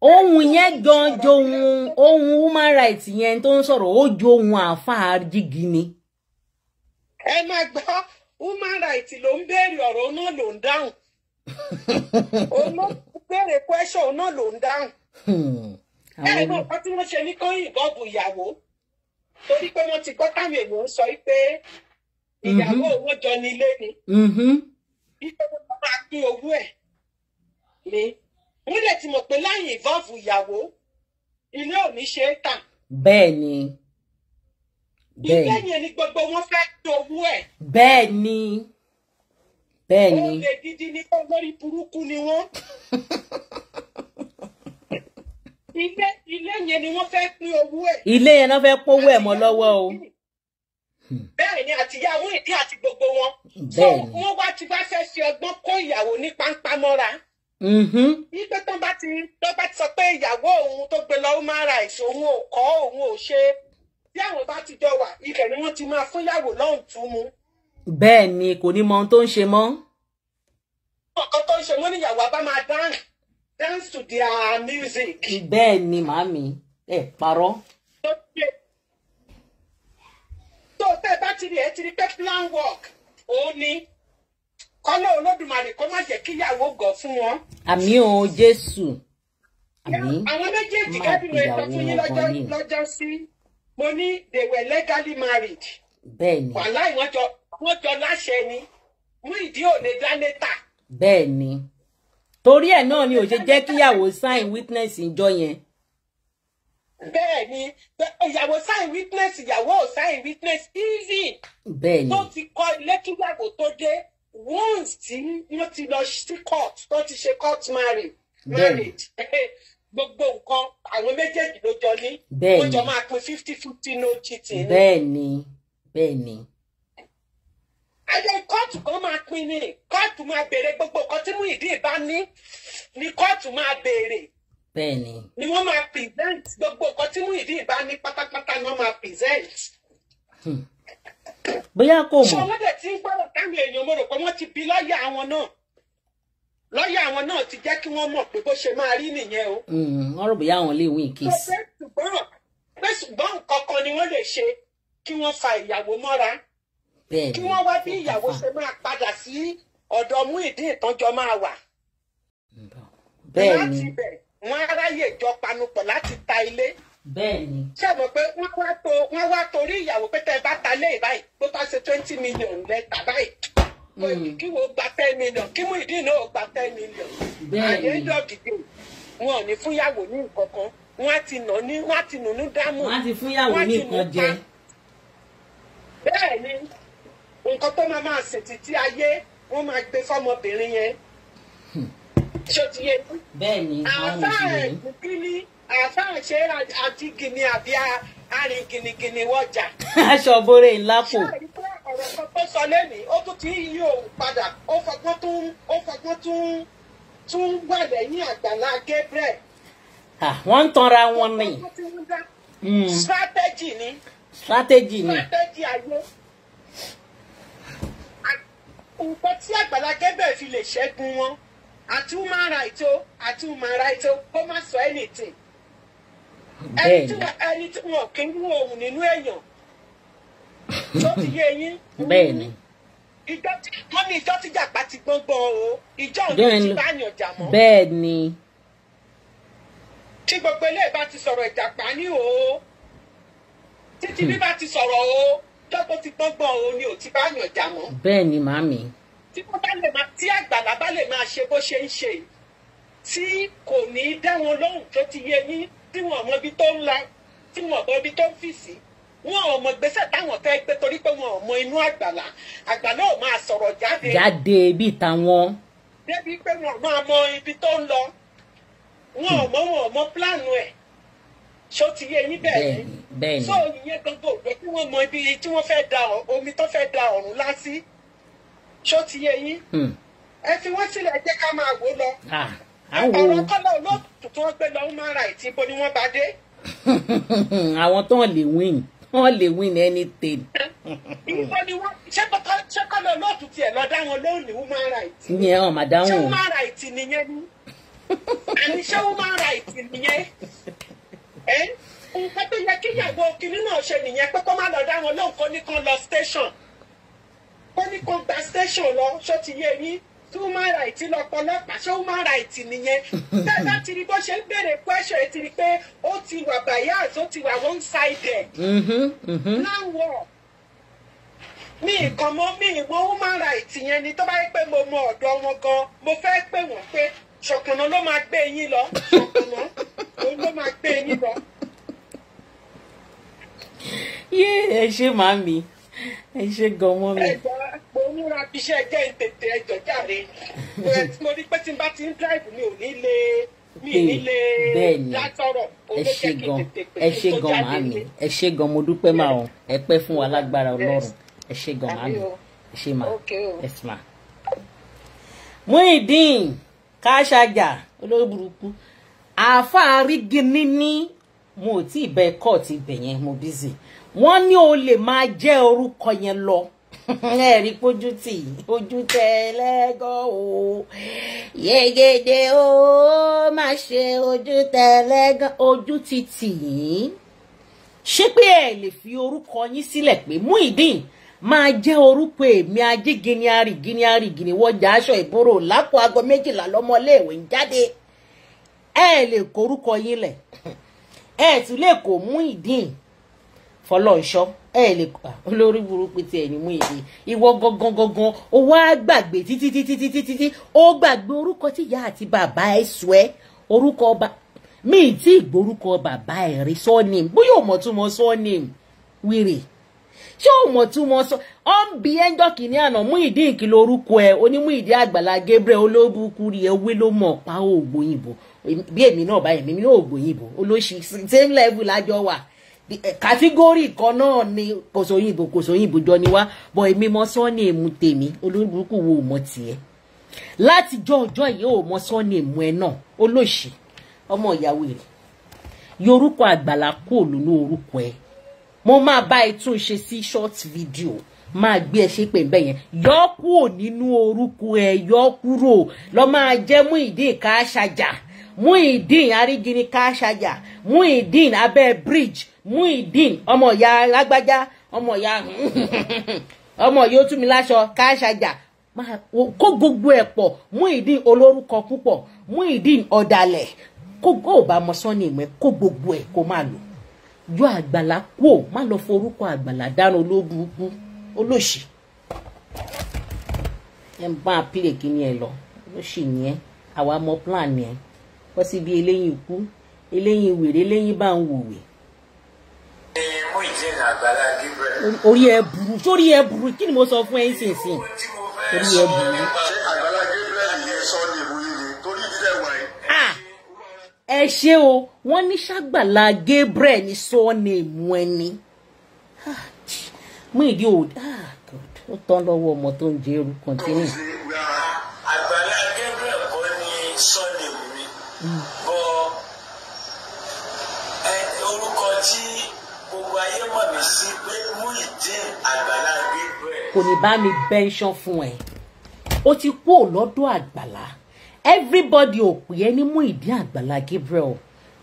ohun yẹn gan johun ohun human rights yẹn tó ń sọ̀rọ̀ ó johun àáfàá jígi ni. ẹ máa gbọ́ human rights ló ń béèrè ọ̀rọ̀ náà ló ń dáhùn òun ló béèrè question náà ló ń dáhùn. Hmm. ẹ ẹ náà tí wọ́n ṣe ní kọ́yìn yìnbọn ìyàwó torí pé wọ́n ti gbọ́ táwọn èèyàn ń sọ pé ìyàwó mm-hmm. owó jọ nílé ni. Mm-hmm. bí ìṣòro máa pín owó ẹ̀ ni. wọ́n dẹ̀ ti mọ̀ pé láyìn ìvọ́ọ̀fù ìyàwó ilé ò ní ṣe é tà. bẹ́ẹ̀ ni. ilé yẹn ni gbogbo wọn fẹ́ towó ẹ̀. bẹ́ẹ̀ ni. bẹ́ẹ̀ ni. olè gidi ni olórí burúkú ni wọ́n. ilé ilé yẹn ni wọ́n fẹ́ pín owó ẹ̀. ilé yẹn náà fẹ́ pówó ẹ̀ mọ́ lọ́wọ́ o. bẹ́ẹ̀ ni àtìyàwó ìdí àti gbogbo wọn. bẹ́ẹ̀ ni. wọ́n wá ti bá fẹ́ fi ọgbọ́n kó ìyàwó ní páńpá ipe mm-hmm. tó bá ti tó bá ti sọ pé ìyàwó òun tó gbé lọ human rights òun ò kọ́ òun ò ṣe bí àwọn bá ti jọ wà ibẹ̀ ni wọ́n ti máa fún ìyàwó lọ́hùn tún mu. bẹ́ẹ̀ ni kò ní mọ ohun tó ń ṣe mọ́. ọkọ tó ń ṣe mọ́ níyàwó abá máa dance dance to their music. bẹ́ẹ̀ ni màámi ẹ̀ parọ́. tó tẹ́ bá ti rí ẹ ti rí pé plan work òun ni kọ́lọ́ olódùmarè kó má jẹ́ kíyàwó gọ̀ fún wọn. àmì o jésù. àwọn méjèèjì kábìnrin ẹ̀ fún yín lọ́jọ́ sí mo ní they were legally married. bẹ́ẹ̀ni wàhálà ìwọ́jọ wọ́n jọ láṣẹ ni mú ìdí òní dánẹ́tà. bẹ́ẹ̀ni torí ẹ̀ náà ni ò ṣe jẹ́ kíyàwó sign witness ìjọ yẹn. Bẹ́ẹ̀ni ìyàwó sign witness ìyàwó ò sign witness easy. Bẹ́ẹ̀ni tó ti kọ ilé kíyàwó tó dé once tí wọ́n ti lọ sí court tó ti ṣe court marriage marriage eh, gbogbo nǹkan àwọn méjèèjì ló jọ ní ó jọ máa pín fifty fifty no cheating ni. bẹ́ẹ̀ni bẹ́ẹ̀ni. ayé kóòtù kan máa pín ní kóòtù máa béèrè gbogbo nǹkan tí Muyideen bá ní ni kóòtù máa béèrè. bẹ́ẹ̀ni. ni wọ́n máa present gbogbo nǹkan tí Muyideen bá ní pátápátá ni wọ́n máa present. Hmm bóyá kò mọ̀. ṣé wọ́n dẹ̀ ti ń gbọ́dọ̀ táwọn èèyàn mo rò pé wọ́n ti bi lọ́ọ̀yà àwọn náà lọ́ọ̀yà àwọn náà ti jẹ́ kí wọ́n mọ̀ pé bó ṣe máa rí nìyẹn o. Mm-hmm. wọ́n bóyá àwọn lè win case. pé ṣùgbọ́n nǹkan ni wọ́n lè ṣe kí wọ́n fa ìyàwó mọ́ra kí wọ́n wá bí ìyàwó ṣe máa padà sí ọ̀dọ̀ mú ìdí ìtọ́jọ́ máa wà. bẹ́ẹ̀ ni wọ́n á jọ panupọ̀ láti ta ilé bẹ́ẹ̀ni. ṣé mo pé wọ́n wá to wọ́n wá torí ìyàwó pé tẹ ẹ bá ta lé ìbáyìí bó bá ṣe twenty million lẹ́ta báyìí hmm. kí wo gba ten million kí Muyideen náà gba ten million. bẹ́ẹ̀ni àyè dọ̀gìdì wọn ò ní fúnyàwó ní nǹkan kan wọn á ti nà ní wọn á ti nùnú dámù wọn á ti fúnyàwó ní nǹkan jẹ. bẹ́ẹ̀ni nǹkan tó máa máa sìn títí ayé wọ́n máa gbé fọ́mọbìnrin yẹn. Hmm. ṣé o ti yé mi. bẹ́ẹ̀ni àwọn òṣèlú. àwọn sáà ẹ̀ àfa ṣe àti gini àbí arìn gìnìgìnì wọjà. aṣọ bore ńlá kù. ọ̀rọ̀ kan tó sọ lẹ́nìí ó tún ti yí òun padà ó fọgbọ́n tún ó fọgbọ́n tún tún wà lẹ́yìn àgbàlá Gabriel. wọ́n ń tanra wọn ni. Hmm. strategy ni. strategy ni. strategy ayé. nǹkan tí àgbàlá Gabriel fi lè ṣẹ́gun wọn àti human right o àti human right o kó má sọ anything ẹni tí wọn ẹni tí gbogbo ilé bá ti sọ̀rọ̀ ìjàpá ní o títí bí bá ti sọ̀rọ̀ o tọpọ ti gbọngbọn o ni ò ti bá yàn jà mọ. bẹ́ẹ̀ni màmí. tí wọn bá lè máa tí àgbàlá bá lè máa ṣe bó ṣe ń ṣe tí kò ní í dá lóhùn tó ti yé yín tí wọn mọ ibi tó ń la tí wọn mọ ibi tó ń fì sí wọn ò mọ gbèsè táwọn fẹ́ gbé torí pé wọn ò mọ inú àgbàlá àgbàlá ò máa sọ̀rọ̀ jáde. jáde bíi tàwọn. débi pé wọn ò máa mọ ibi tó ń lọ wọn ò wọn ò pílánù ẹ̀ ṣó ti yé yín bẹ́ẹ̀ ni bẹ́ẹ̀ ni. sóò yẹn gbogbo òwe tí wọ́n mọ ibi tí wọ́n fẹ́ da omi tó fẹ́ da ọ̀run lásì ṣó ti yé yín. Hmm. ẹ fi wọ́n sílẹ̀ jẹ́ ká máa wò lọ. Ah ọ̀rọ̀ kọ́lá olóòtú tí wọ́n gbé lọ human rights ibo ni wọ́n bá dé. àwọn tó ń lè win wọ́n lè win anything. ibo ni wọ́n ṣé kọ́lá olóòtú tiẹ̀ lọ dá wọn lóhùn ní human rights. ìyẹn ọ̀ màdáhùn. ṣé human rights nìyẹn ni àní ṣé human rights nìyẹn nǹkan tó yẹ kí ìyàwó kìnínní náà ṣe nìyẹn pé kó má lọ dá lóhùn kó ní kan lọ station kó ní kan gba station lọ ṣó ti yé yín tí human right lọ pọlọ́pàá ṣé human right nìyẹn bẹ́ẹ̀ bá ti rí bó ṣe ń béèrè question ẹ ti rí pé ó ti wà bias ó ti wà one sided. láwọ̀ mi nǹkan mọ́ mi ìmọ̀ human right yẹn ni tó bá yẹ pé mo mọ ọ̀dọ̀ wọn gan mo fẹ́ pè wọ́n pé ṣọ̀kànà ló máa gbé yín lọ ṣọ̀kànà ló máa gbé yín lọ. yé ẹ ṣe màmí ẹ ṣe gan mọ́ mi. ẹ̀gbọ́n mo múra bí iṣẹ́ jẹ́ ìtètè ẹjọ́ jàre mo rí pé tí n bá ti ń drive mi ò ní lè mi ò ní lè dátọ̀rọ̀ ẹ ṣe gan ẹ ṣe gan màá mi ẹ ṣe gan mo dúpẹ́ màá o ẹ pẹ́ fún wa lágbára ọlọ́run ẹ ṣe gan màá mi ẹ ṣe màá ẹ sì màá. Muyideen káṣájà olórí burúkú àáfàá rí gíní mo ò tí ì bẹ kọ́ọ̀tì ibẹ̀ yẹn mo bízì wọ́n ní o lè máa jẹ́ orúkọ yẹn lọ ẹ̀rí pójú tì ojú tẹ̀lẹ́gọ́ o yegede o má ṣe ojú tẹ̀lẹ́gọ́ ojú ti tì yín ṣé pé ẹ lè fi orúkọ yín sílẹ̀ pé Muyideen máa jẹ́ orúkọ èmi ajé gini arìgini arìgini wọjà aṣọ ìbúrò lápò aago méjìlá lọ́mọléèwé ń jáde ẹ lè kórúkọ yín lẹ̀ ẹ tún lè kó Muyideen fọlọ́ọ̀ṣọ́ ẹ lè olórí burúkú ti ẹ̀yìn mú èdè ìwọ gangan gangan ó wá gbàgbé títí títí títí títí ó gbàgbé orúkọ tí ìyá àti bàbá ẹ sọ ẹ orúkọ ọba mi tí ìgbórúkọ bàbá ẹ rí sọ́ọ̀nìm bóyá ò mọ̀ tún mọ sọ́ọ̀nìm wíìrì ṣé ò mọ̀ tún mọ sọ ọ́ ń bi ẹ́ńjọ́ kìíní àná mú ìdí ìkìlọ̀ orúkọ ẹ onímú ìdí àgbàlá Gabriel olóbùkú rí ewé ló mọ̀ pa ògbóyìnbó bí èmi náà bá èmi náà ògbóyìnbó olóṣì same level lájọ wà kàtígórì eh, kan náà ni kòsòyìnbó kòsòyìnbó jọ ni wá bọ èmi mọ sọ́ọ̀nì èmu tèmi olúburúkú wo mọ tiẹ̀ láti jọ ọjọ́ yìí ò mọ sọ́ọ̀nì èmu ẹ náà olóṣì ọmọ ìyàwó rẹ̀ yorùkọ àgbàlá kò lónú orúkọ ẹ mo máa bá ẹ tún ṣe sí short video máa gbé ẹ ṣépè ń bẹ yẹn yọ kúrò nínú orúkọ ẹ yọ kúrò lọ máa jẹ mú ìdí ìka ṣàjà. Muideen Aríjìní Káṣájà Muideen abẹ́ bridge Muideen ọmọ ìyá lágbájá ọmọ ìyá ọmọ yóò tún mi láṣọ Káṣájà kó gbogbo ẹ̀ pọ̀ Muideen olórúkọ púpọ Muideen ọ̀dàlẹ̀ kó gbọ́ ò bá mọ sọ́ni kó gbogbo ẹ̀ kó má lò yọ àgbàlá kú ò má lọ forúkọ àgbàlá dáná olóbùkú olóṣì ẹ bá a pílè kí ni ẹ lọ olóṣì ni ẹ àwa mọ plan ni ẹ. kọ́ sí bí eléyìí kú eléyìí wèrè eléyìí bá ń wòwè. orí ẹ burú sórí ẹ burú kí ni mo sọ fún ẹ nísinsìnyí orí ẹ burú. Ah, ẹ ṣe o wọ́n ní ṣàgbàlá Gabriel ní sọ́ọ̀nẹ̀mù ẹni ah, mú ìdí òde ah, ó tán lọ́wọ́ ọmọ tó ń jẹ́ eru kọ́ntínú. mọ̀ mí sí pé Muyideen Àgbàlá Gabriel. kò ní bá mi bẹ́ńṣán fún ẹ ó ti kú lọ́dọ̀ Àgbàlá everybody ò pè é ní Muyideen Àgbàlá Gabriel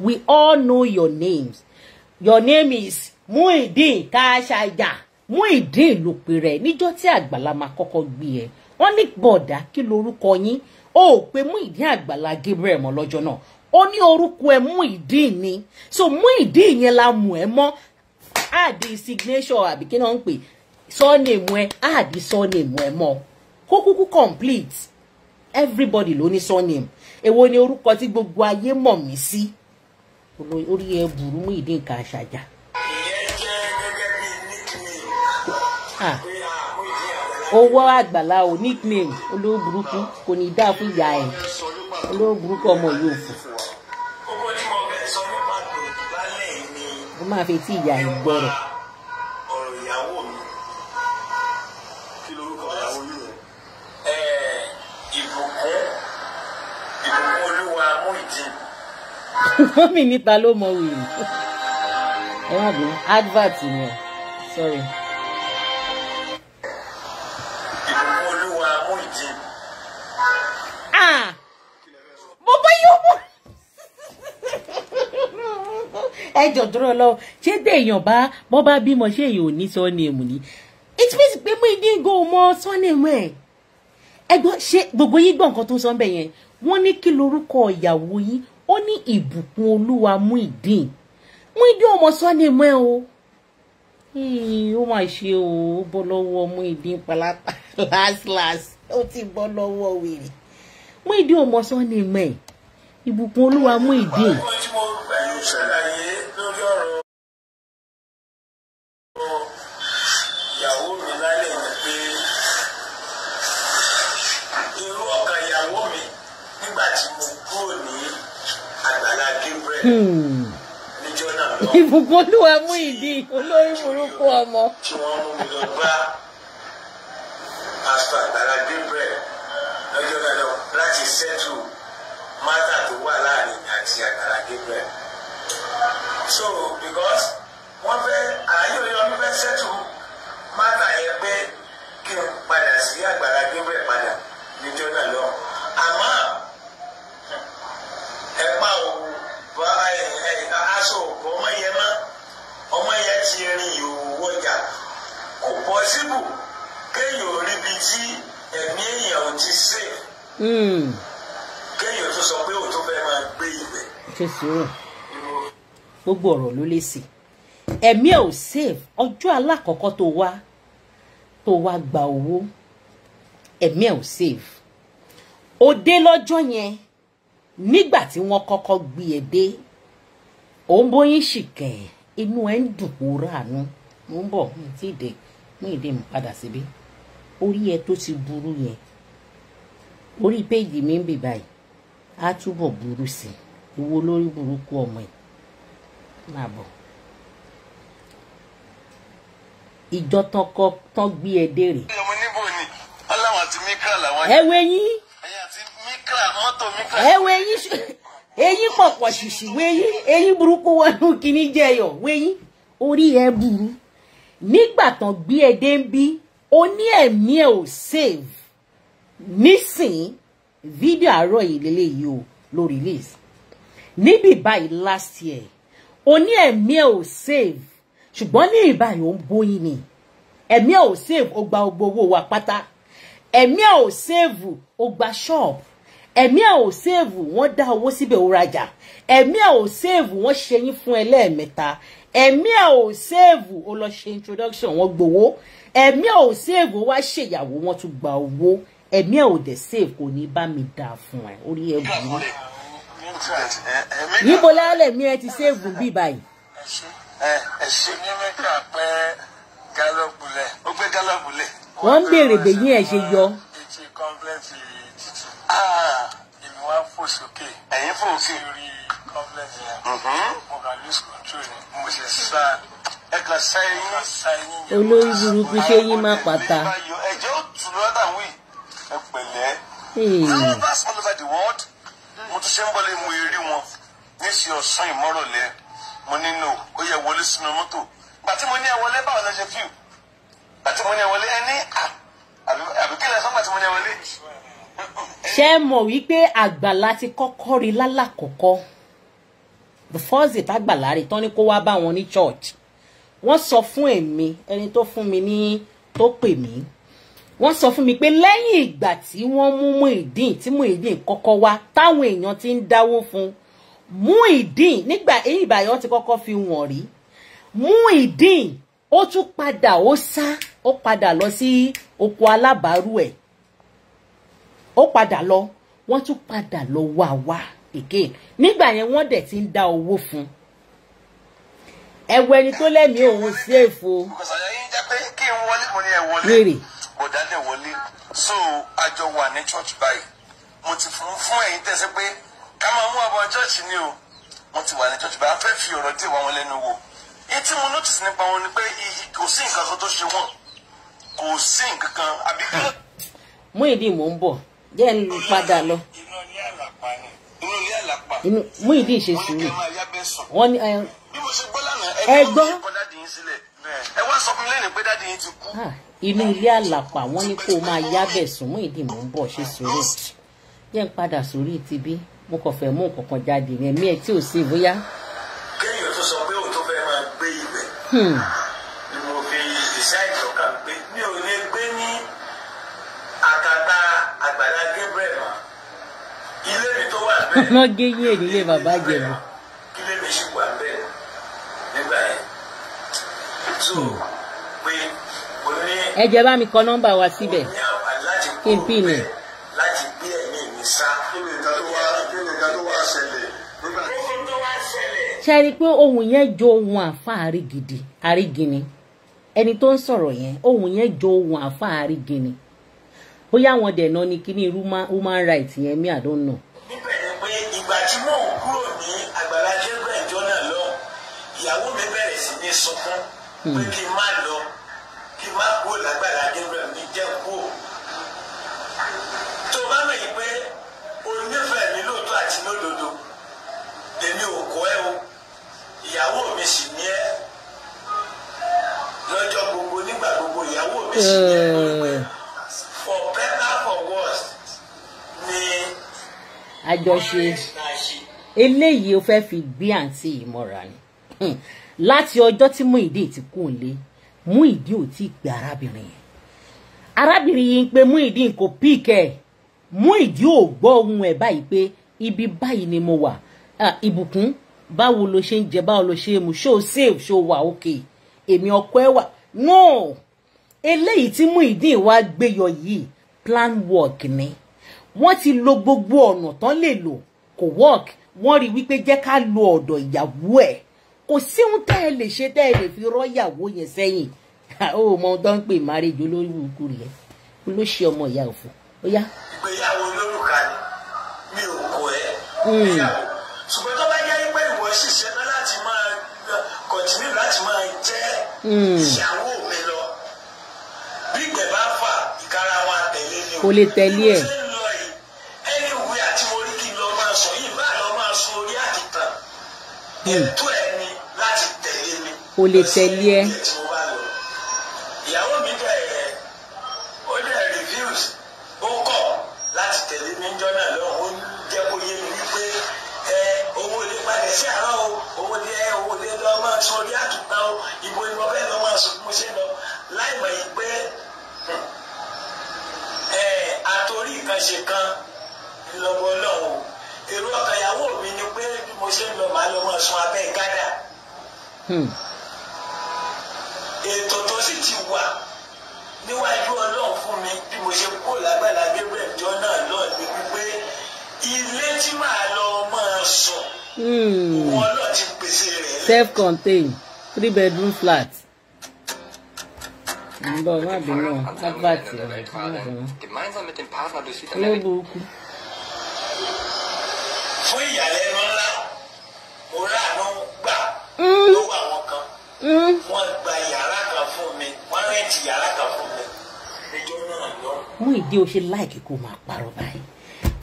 we all know your names your name is Muyideen Kàṣàjà Muyideen ló pè rẹ níjọ́ tí Àgbàlá máa kọ́kọ́ gbé ẹ wọn ní bọ̀dá kí lorúkọ yín ó pè Muyideen Àgbàlá Gabriel mọ́ lọ́jọ́ náà ó ní orúkọ ẹ Muyideen ni so Muyideen yẹn la mú ẹ mọ́ àdí signature àbí kí náà ń pè sọ́ọ̀nìmù ẹ àdí surname ẹ mọ́ kó kúkú complete everybody ló ní surname. èwo ni orúkọ tí gbogbo ayé mọ̀ mí sí orí ẹ burú mú ìdí nǹkan àṣàjà. owó àgbàlá o nickname olóòburúkú kò ní dáa fún ìyá ẹ olóòburúkú ọmọ yóò fún. máa fi tí ìyá ẹ̀ gbọ́rọ̀. ọ̀rọ̀ ìyàwó mi kí níta ló mọ wìrì ẹ má bínú advert ni ọ sorry. ìbùkún olúwa Muyideen. ah mo bá yóò mú. ẹ jọ dúró lọ ṣé téèyàn bá bọ́ bá bímọ ṣé èèyàn ò ní sọ ní èmù ni it means pé mo ìdí ìgò mọ sọ ní èmù ẹ ẹgbọ́n ṣe gbogbo yín gbọ́ nǹkan tó ń sọ bẹ́ẹ̀ yẹn wọ́n ní kí lorúkọ ìyàwó yín ó ní ìbùkún olúwa mú ìdín mú ìdín ọmọ sọ ní èmù ẹ o ó mà ṣe o ó bọ́ lọ́wọ́ mú ìdín palápàá last last ó ti bọ́ lọ́wọ́ wèrè mú ìdín ọmọ sọ ní èmù ẹ̀ ìbùkún olúwa mú ìdí. Hmm. ìbùkún olúwa mú ìdí olórí burúkú ọmọ. tí wọ́n mú lọ́jọ́ náà láti ṣẹ́tù mátà tó wà láàrin àti àgbàlá Gabriel so because wọ́n fẹ́ ààyè Ọ̀yọ́mí fẹ́ ṣètò mátà yẹn pé kí n padà sí àgbàlá Gabriel padà níjọ́ náà lọ àmọ́ ẹ pa òwò bá aṣọ òkú ọmọ yẹn mọ́ ọmọ yẹn ti rin ìhòòhò ọjà kò pọ́sibù kéèyàn ò ríbi tí ẹ̀mí èèyàn ò ti sè kéèyàn tó sọ pé òun fẹ́ máa gbé ibẹ̀. ṣe sùúrù gbogbo ọ̀rọ̀ ló lè sè ẹ̀mí ẹ̀ ò save ọjọ́ alákọ̀ọ́kọ́ tó wá tó wá gba owó ẹ̀mí ẹ̀ ò save ó dé lọ́jọ́ yẹn nígbà tí wọ́n kọ́kọ́ gbé e dé òun bóyin ṣìkẹ̀ inú ẹ̀ ń dùn kó ráàánú mo ń bọ̀ mi ti dé mi ìdè mi padà síbí orí ẹ tó ti burú yẹn orí péjì mi ń bì báyìí á túbọ̀ burú sí i ìwo lórí burúkú ọmọ ẹ̀ máa bọ̀. ìjọ tán kọ tán gbé ẹ dèrè. ọmọ níbo ni aláwọ̀ àti mikra làwọn. ẹ wo eyín. ẹyin àti mikra mọ́tò mikra. ẹ wo eyín eyín pọ̀pọ̀ ṣìṣì wéyín eyín burúkú wọnú kínní jẹyọ wéyín orí ẹ burú nígbà tán gbé ẹ dé ń bí ó ẹ̀mí ẹ̀ ò save nísìnyí Video àárọ̀ yìí lélẹ́yìí o ló release níbi báyìí last year o ní ẹ̀mí ẹ̀ ò save ṣùgbọ́n ní ìbáyìí ò ń bóyin ni ẹ̀mí ẹ̀ ò save ó gba gbogbo owó wa pátá ẹ̀mí ẹ̀ ò save ó gba shop ẹ̀mí ẹ̀ ò save wọ́n dá owó síbẹ̀ ó rajà ẹ̀mí ẹ̀ ò save wọ́n ṣe yín fún ẹlẹ́ẹ̀mẹ́ta ẹ̀mí ẹ̀ ò save ó lọ ṣe introduction wọ́n gbowó ẹ̀mí ẹ̀ ò save ó wá ṣèyàwó wọ́n tún gba owó ẹ̀mí ẹ̀ ò dẹ̀ save kò ní bá mi dà fún ẹ orí ẹ bù mí. níbo lálẹ́ mi ẹ ti save bí báyìí. ẹ̀sìn ní mẹ́ta pẹ́ gálọ́ọ̀bù lẹ̀ ó gbé gálọ́ọ̀bù lẹ̀. wọ́n ń béèrè bèyí ẹ̀ ṣe yọ. ètò kọ́ńpẹ́ǹtì títì. èmi wá fò sókè. ẹ̀yin fò sí. orí kọ́ńpẹ́ǹtì yẹn. mo kà lose control ni olórí burúkú ṣe yín má pàtà. ẹ̀jẹ̀ ó tù lọ́dà wíì ẹ pẹ̀lẹ́ hmm. believers all over the world mo tún ṣe ń bọ́lé mo rí wọn ní ìṣe ọ̀sán ìmọ̀rọ̀lẹ́ mo nínú ó yẹ wọlé sínú mọ́tò gbàtí mo ní ẹ báwo lọ ṣe fíù gbàtí mo ní ẹ wọlé àbíkí lẹ sọ gbàtí mo ní ẹ ṣé ẹ mọ̀ wípé àgbàlá ti kọ́kọ́ rí lálàkọ́kọ́ the first day tágbàlá rí tán ni kó wá bá wọn ní church wọ́n sọ fún èmi ẹni tó fún mi ní tó pè mí wọ́n sọ fún mi pé lẹ́yìn ìgbà tí wọ́n mú Muyideen tí Muyideen kọ́kọ́ wá táwọn èèyàn ti ń dáwó fún Muyideen nígbà èyí ìbàyọ̀ ti kọ́kọ́ fi wọ̀n rí Muyideen ó tún padà ó sá ó padà lọ sí oko alábàárù ẹ̀ ó padà lọ wọ́n tún padà lọ wá wá again nígbà yẹn wọ́n dẹ̀ ti ń dá owó fún ẹ̀wọ̀ ẹni tó lẹ́mìí òun ṣèfò. wèrè bọ̀dá lè wọlé so àjọ wà ní church báyìí mo ti fún fún ẹ̀yin tẹ́sẹ̀ pé ká máa mú àbọ̀ church ni o mo ti wà ní church báyìí a fẹ́ fi ọ̀rọ̀ dé wọn lẹ́nu wò èyí tí mo notice nípa wọn ni pé kò sí nǹkan kan tó ṣe wọn kò sí nǹkan kan àbí. Muyideen mò ń bọ̀ jẹ́ ń padà lọ. inú ilé àlàpà ṣe sùúrù wọ́n ní. bí mo ṣe gbọ́ lánàá ẹ gbọ́ ṣe kọ́ dáàdi yín sílẹ̀ ẹ wá sọ fún mi lẹ́nu pé dáàdi yín ti kú. Ah inú ilé àlàpà wọn ní kó o máa yábẹ̀ sùn mú ìdí mò ń bọ̀ ṣe sòrò yẹn ń padà sórí ti bí mo kàn fẹ́ mú nǹkan kan jáde yẹn mí ẹ tí ò sí bóyá. kéèyàn tó sọ pé òun tó fẹ́ máa gbé ibẹ̀ hmm. ni mo fi decide ọ̀kà pé mi ò lè gbé ní àkàtà àgbàlá Gabriel mọ́ ilé mi tó wà bẹ́ẹ̀. wọ́n gé yín èyí lé bàbá jẹ̀ mọ́. mi sì wà bẹ́ẹ̀ nígbà yẹn. Hmm ẹ bá mi kọ nọ́mbà wa síbẹ̀ kí n pín ní. láti gbé ẹ̀mí pé ohun yẹn jọ ohun àfa àrígidì àrígini ẹni tó ń sọ̀rọ̀ yẹn ohun yẹn jọ ohun àfa àrígini bóyá àwọn dẹ̀nà ni kí ni human rights yẹn mi àdónà. níbẹ̀ ni pé ìgbà tí mò ń kúrò ní àgbàlá jẹ́gbẹ̀jọ́ náà lọ ìyàwó mi bẹ̀rẹ̀ sí ní sunkún pé hmm. kí n má lọ má kú lágbára Gabriel ní jẹ́ kú tó bá mọ̀ yìí pé onífẹ̀ẹ́ mi lóòótọ́ àti lódodo èmi ò kọ́ ẹ o ìyàwó mi sì ní ẹ lọ́jọ́ gbogbo nígbà gbogbo ìyàwó mi sì ní ẹ lórí for better for worse ni. àjọṣe eléyìí ó fẹ́ fi gbé àǹtí yìí mọ́ra ni hmm. láti ọjọ́ tí Muyideen ti kú lé Muyidi ò tí ì pé arábìnrin yẹn arábìnrin yìí ń pe Muyidi kò píìkẹ Muyidi ò gbọ́ ohun ẹ̀ báyìí pé ibi báyìí ni mo wà ìbùkún báwo lo ṣe ń jẹ báwo lo ṣe mu ṣó save ṣó wà òkè èmi ọkọ ẹ wà no eléyìí tí Muyidi wá gbé yọ yìí plan work ni wọ́n ti lo gbogbo ọ̀nà tán lè lò kò work wọ́n rí wípé jẹ́ ká lo ọ̀dọ̀ ìyàwó ẹ̀ kò sí ohun tẹ́ ẹ lè ṣe tẹ́ ẹ lè fi rọ́yàwó yẹn sẹ́yìn ó mọ ohun tó ń pè marriage olórí ikú rẹ̀ ló ṣe ọmọ ìyá òfò ó yá. ìgbéyàwó olórùka ni mi ò kọ ẹ hmm. ṣùgbọ́n tó bá yẹ pé ìwọ ṣiṣẹ́ náà láti máa kọ̀tínú uh, láti máa jẹ́ hmm. ìyàwó mi lọ bí ìgbẹ́ bá fà ìkara wa tẹ̀lé ni o kò lè tẹ̀lé ẹ̀. ẹni ìwé àti orí kí n lọ máa sọ yìí bá lọ máa sọ orí àkìtàn ètò hmm kò lè tẹ̀lé ẹ. ìyàwó mi dẹ̀ ó dẹ̀ reviews ó kọ̀ láti tẹ̀lé mi jọ náà lọ́wọ́ ó jẹ́ kó yé mi wípé ẹ owó ilé padà sí àárọ̀ o owó ilé owó ilé lọ́ọ́ máa sọ orí àtúntà o ìbò ìbọn bẹ́ẹ̀ lọ́ọ́ máa sọ bí mo ṣe lọ láì mọ̀ yìí pé ẹ àtòrí ìkànṣe kan lọ́wọ́ ọlọ́run èrò ọkàn ìyàwó mi ni pé bí mo ṣe ń lọ màá lọ máa sun abẹ́ gádà. Hmm ètò tó sì ti wà níwájú ọlọ́run fún mi bí mo ṣe kó lágbàlá gabriel jọ náà lọ ní wípé ilé tí màá lọ máa sọ wọn lọ ti pèsè rẹ̀. self contained three bedroom flat. Bọ̀ má bínú ọ̀ advert rẹ̀ má bínú. Olóògbé Fún ìyàlẹ́nu ńlá, mo rà ló gbà hmm. lọ́wọ́ àwọn kan. Hmm? wọ́n gba yàrá kan fún mi wọ́n rẹ̀ǹtì yàrá kan fún mi ẹjọ́ náà lọ. mú ìdí o ṣe láìkí kó máa parọ́ báyìí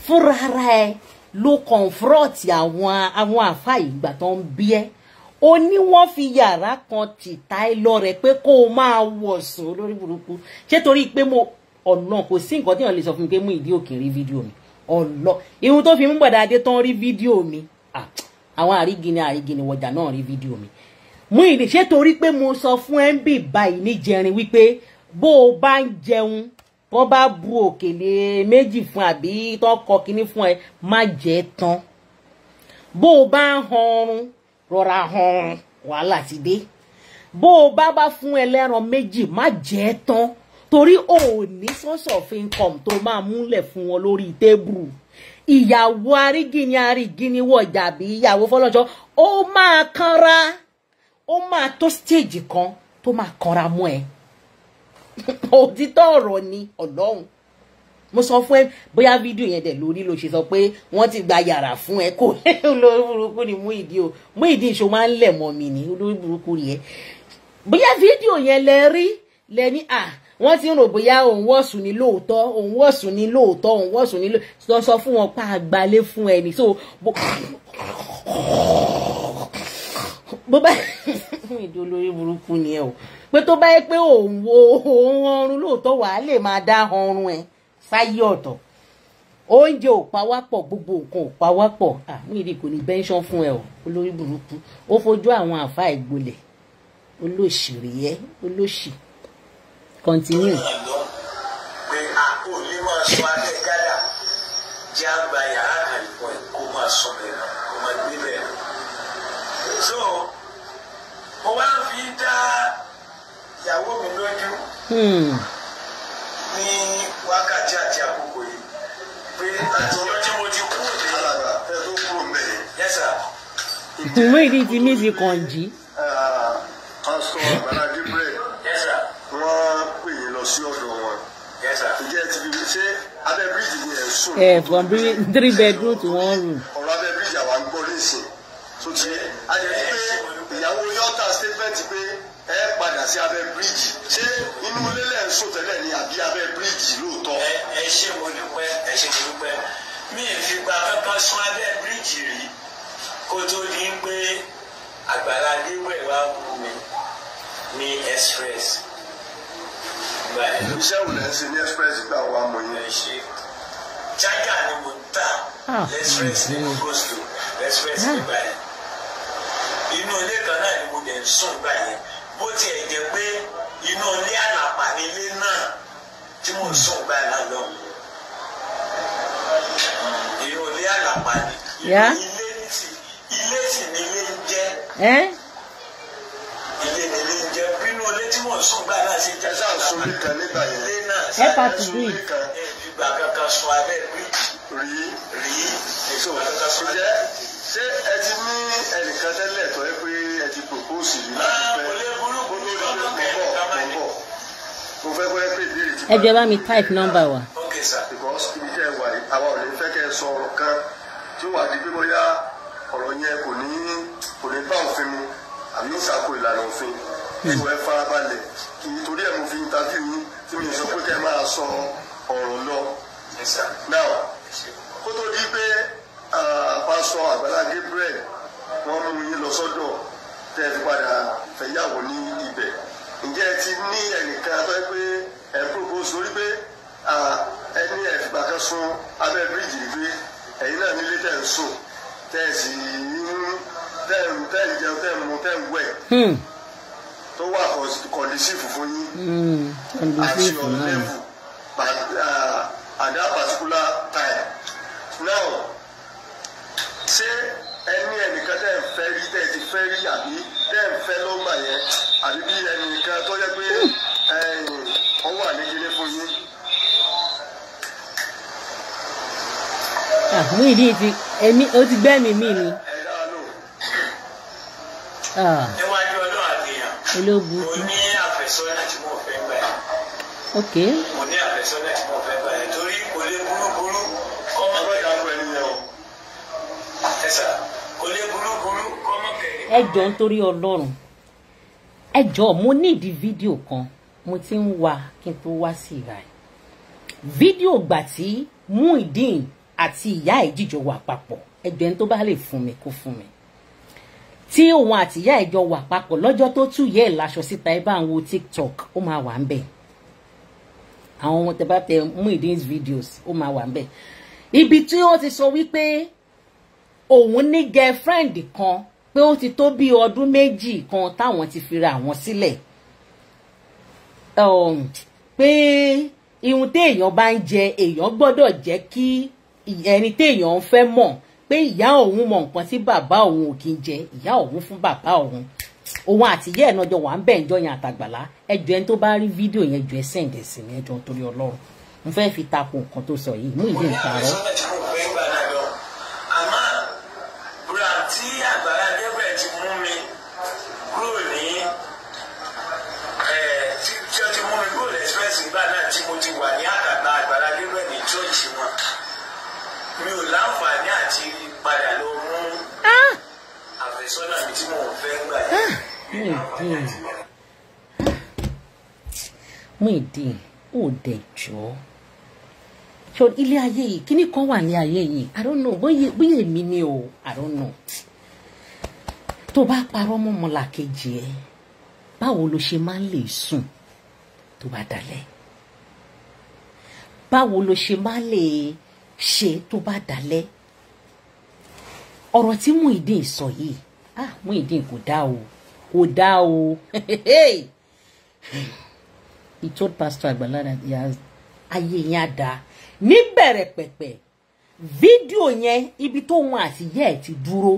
fúnra ara ẹ ló confront àwọn àwọn àfa ìgbà tó ń bí ẹ ó ní wọ́n fi yàrá kan tìta ẹ lọ rẹ pé kó o máa wọ̀sùn olórí burúkú ṣé torí pé mo ọ̀nà kò sí nǹkan tí wọ́n lè sọ fún mi pé mú ìdí òkè rí fídíò mi ọ̀lọ́ irun tó fi mú gbọ̀dá adé tán rí fídíò mi ah, àwọn àrígi ni àrígi ni wọ̀jà náà rí fídíò mi Muyideen ṣé torí pé mo sọ fún ẹ ń bì báyìí níjẹrin wípé bó o bá ń jẹun tó bá bu òkèlè méjì fún àbí tó kọ kínní fún ẹ má jẹ tán bó o bá ń hanrun rọra hanrun wàhálà ti dé bó o bá bá fún ẹlẹ́ran méjì má jẹ tán torí o ò ní source of tó máa múlẹ̀ fún wọn lórí tébùrù ìyàwó arígini arígini wọ̀jà bí ìyàwó fọlọ́jọ́ ó máa kanra. O máa tó stage kan tó máa kanra mọ́ ẹ òtítọ́ ọ̀rọ̀ ni ọlọ́run mo sọ fún ẹ bóyá fídíò yẹn dẹ̀ lórí ló ṣe sọ pé wọ́n ti gba yàrá fún ẹ kó olórí ni mú ìdí o mú ìdí ìṣó máa ń lẹ̀ mọ́ mi ní olórí burúkú rẹ̀ bóyá fídíò yẹn lẹ rí lẹ ní à wọ́n ti ń rò bóyá òun wọ̀sùn ní lóòótọ́ òun wọ̀sùn ní lóòótọ́ òun wọ̀sùn ní lóòótọ́ sọ fún wọn pa àgbálẹ̀ fún ẹni so bó bá ìdí olórí burúkú ni ẹ o pé tó bá yẹ pé òun wo òun ọrùn lóòótọ́ wàá lè máa dá ọrùn ẹ sáyé ọ̀tọ̀ oúnjẹ ò pawápọ̀ gbogbo nǹkan ò pawápọ̀ àmìrì kò ní bẹ́ńsán fún ẹ o olórí burúkú ó fojú àwọn àfa ìgbolẹ̀ olóṣèré ẹ olóṣì continue. pé àpò ní máa sọ alẹ́ gádà jẹ́ àgbà mo wá ń fi dá ìyàwó mi lójú hmm. ní wákàtí àti àkókò yìí pé láti ọjọ́ tí mo ti kúrò ní alàgbà ẹ tó kúrò mbẹ yẹn. yẹ́sà. ìmú ìdí ti mí ti kàn jí. pásítọ̀ àgbàlá Gabriel wọ́n pè yín lọ sí ọ̀dọ̀ wọn. ǹjẹ́ ti fi ṣe abẹ́ bíríìjì ni ẹ̀ ń sùn. ẹ̀ from three bedroom to one room. ọ̀rọ̀ abẹ́ bíríìjì àwa ń nísìnyí sòtì àyẹ̀rí pé ìyàwó yọ́ta statement pé ẹ padà sí abẹ́ bíríìjì ṣé inú ilé lẹ́ ń sọ tẹ́lẹ̀ ní àbí abẹ́ bíríìjì lóòótọ́. ẹ ṣe mo dúpẹ́ ẹ ṣe mo dúpẹ́ mi ì fi gba kankan sún abẹ́ bíríìjì rí kó tó di pé àgbàlá déwẹ̀ wá bú mi ní express. iṣẹ́ ò lẹ́ ń ṣe ní express gbà wá mọ̀ yín. chájà ni mo ń tà express ni mo express nígbà yẹn inú ilé kan náà ni mo dẹ̀ ń sùn gbà yẹn bó tiẹ̀ jẹ́ pé inú ilé àlàpà ní ilé náà tí mo ń sùn gbà náà lọ. inú ilé àlàpà ni ilé sì ilé sì ni ilé ń jẹ́. ilé ni ilé ń jẹ́ inú ilé tí mo ń sùn gbà náà ṣe jẹ́ sáà sórí kan nígbà yẹn. ilé náà sáà sórí kan ẹ̀ fi gbà kankan sùn abẹ́ rí rí ẹ̀ kankan sùn abẹ́ ṣé ẹ ti ní ẹnìkan tẹ́lẹ̀ tó yẹ pé ẹ ti propose rí láti fẹ́ kó ló lè lọ mọ̀ bọ̀ mọ̀ bọ̀ mo fẹ́ kó yẹ pé ìbéèrè ti bá. ẹ jọ̀ọ́ bá mi type number wa. okay sir because ibi tẹ́ ẹ wà yìí àwa ò lè fẹ́ kẹ́ ẹ sọ ọ̀rọ̀ kan tí ó wà di pé bóyá ọ̀rọ̀ yẹn kò ní kò ní bá òfin mu àbí yóò ṣàkó ìlànà òfin ìwọ ẹ farabalẹ̀ kì í torí ẹ̀ mo fi interview yín tí mi sọ pé kẹ́ ẹ máa sọ ọ̀rọ̀ lọ. now kó tó di pé Ah, pásọ àgbàlá Gabriel wọ́n mú yín lọ sọ́dọ̀ tẹ́ ẹ fi padà fẹ́yàwó ní ibẹ̀ ǹjẹ́ ẹ ti ní ẹnìkan tó yẹ pé ẹ propose lórí pé ẹni ẹ fìgbà kan sun abẹ́ bíríìjì rí pé ẹ̀yin náà nílé tẹ̀ ń sùn tẹ̀ sì ń tẹ̀ ń tẹ̀ ń jẹun tẹ̀ ń mu tẹ̀ ń wẹ̀ hmm. tó wà kọ̀dísìfù fún yín àti ọ̀nà lẹ́fù at that particular ṣé ẹni ẹnìkan tẹ́ ń fẹ́ rí tẹ́ ti fẹ́ rí àbí tẹ́ ń fẹ́ ló ń gbà yẹn àbí bí ẹnìkan tó yẹ pé ọwọ́ àlejò fún yín. àmú ah, ìdí ti ẹni ó ti gbẹ́mìí mí ni. Ah. níwájú ọlọ́run àgbèyàn mo ní àfẹ́sọ́nà tí mo fẹ́ gbà yẹn. mo ní àfẹ́sọ́nà tí mo fẹ́ gbà yẹn. ẹ jọ nítorí ọlọ́run ẹ jọ mo nídìí fídíò kan mo ti ń wá kí n tó wá sí ìhà ẹ̀ fídíò gbà tí Muyideen àti ìyá ẹ̀ jíjọ wà papọ̀ ẹjọ́ ẹni tó bá lè fún mi kó fún mi tí òun àti ìyá ẹ̀ wà papọ̀ lọ́jọ́ tó tú yẹ́ ẹ̀ síta ẹ bá ń wo TikTok ó máa wà ń bẹ̀ àwọn ọmọ tẹ bá tẹ Muyideen's videos ó máa wà ń bẹ̀ ibi tí wọ́n ti sọ wípé òun ní girlfriend kan pé ó ti tó bí ọdún méjì kan táwọn ti fira àwọn sílẹ̀ um, pé ihun téèyàn bá ń jẹ èèyàn gbọ́dọ̀ jẹ́ kí ẹni téèyàn ń fẹ́ mọ̀ pé ìyá òun mọ nǹkan tí bàbá òun ò kí ń jẹ ìyá òun fún bàbá òun òun àti ìyá ẹ̀ náà jọ wà ń bẹ̀ ń jọ yẹn àtàgbàlá ẹjọ́ ẹni tó bá rí fídíò yẹn jọ ẹ sẹ́ǹdẹ̀ sí ni ẹjọ́ torí ọlọ́run mo fẹ́ fi tako nǹkan tó sọ yìí mú ìdí ìparọ́. ṣọ́ọ̀ṣì wọn mi ò láǹfààní àti padà lọ mú ah! àfẹ́sọ́nà mi tí mò ń fẹ́ gbà yẹn. Ah! Muyideen ò ah! dẹjọ́ so ilé ayé yìí kíní kan wà ní ayé yìí I don't know bóyá èmi ni o I don't know tó bá parọ́ mọ́mọ́lá kejì ẹ báwo lo ṣe máa ń lè sùn tó bá dalẹ̀ báwo lo ṣe má lè ṣe tó bá dalẹ̀ ọ̀rọ̀ tí Muyideen sọ yìí ah Muyideen kò dá o kò dá o he told pastor Agbala that he has ayé yẹn á da níbẹ̀rẹ̀ pẹ̀pẹ̀ fídíò yẹn ibi tó wọn àtìyẹ́ ẹ̀ ti dúró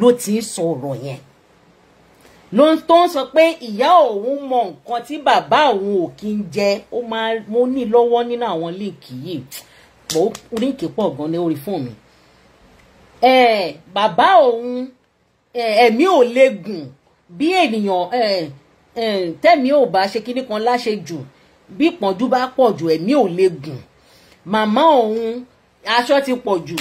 ló ti ń sọ ọ̀rọ̀ yẹn ló ń tó ń sọ pé ìyá òun mọ nǹkan tí bàbá òun ò kí ń jẹ ó máa mo ní lọ́wọ́ nínú àwọn líǹkì yìí pọ̀ líǹkì pọ̀ gan ní orí fóònù mi bàbá òun ẹ̀mí ò lè gùn bí ènìyàn tẹ̀mí ò bá ṣe kíní kan láṣẹ jù bí ìpọ́njú bá pọ̀ jù ẹ̀mí ò lè màmá òun aṣọ ti pọ̀ jù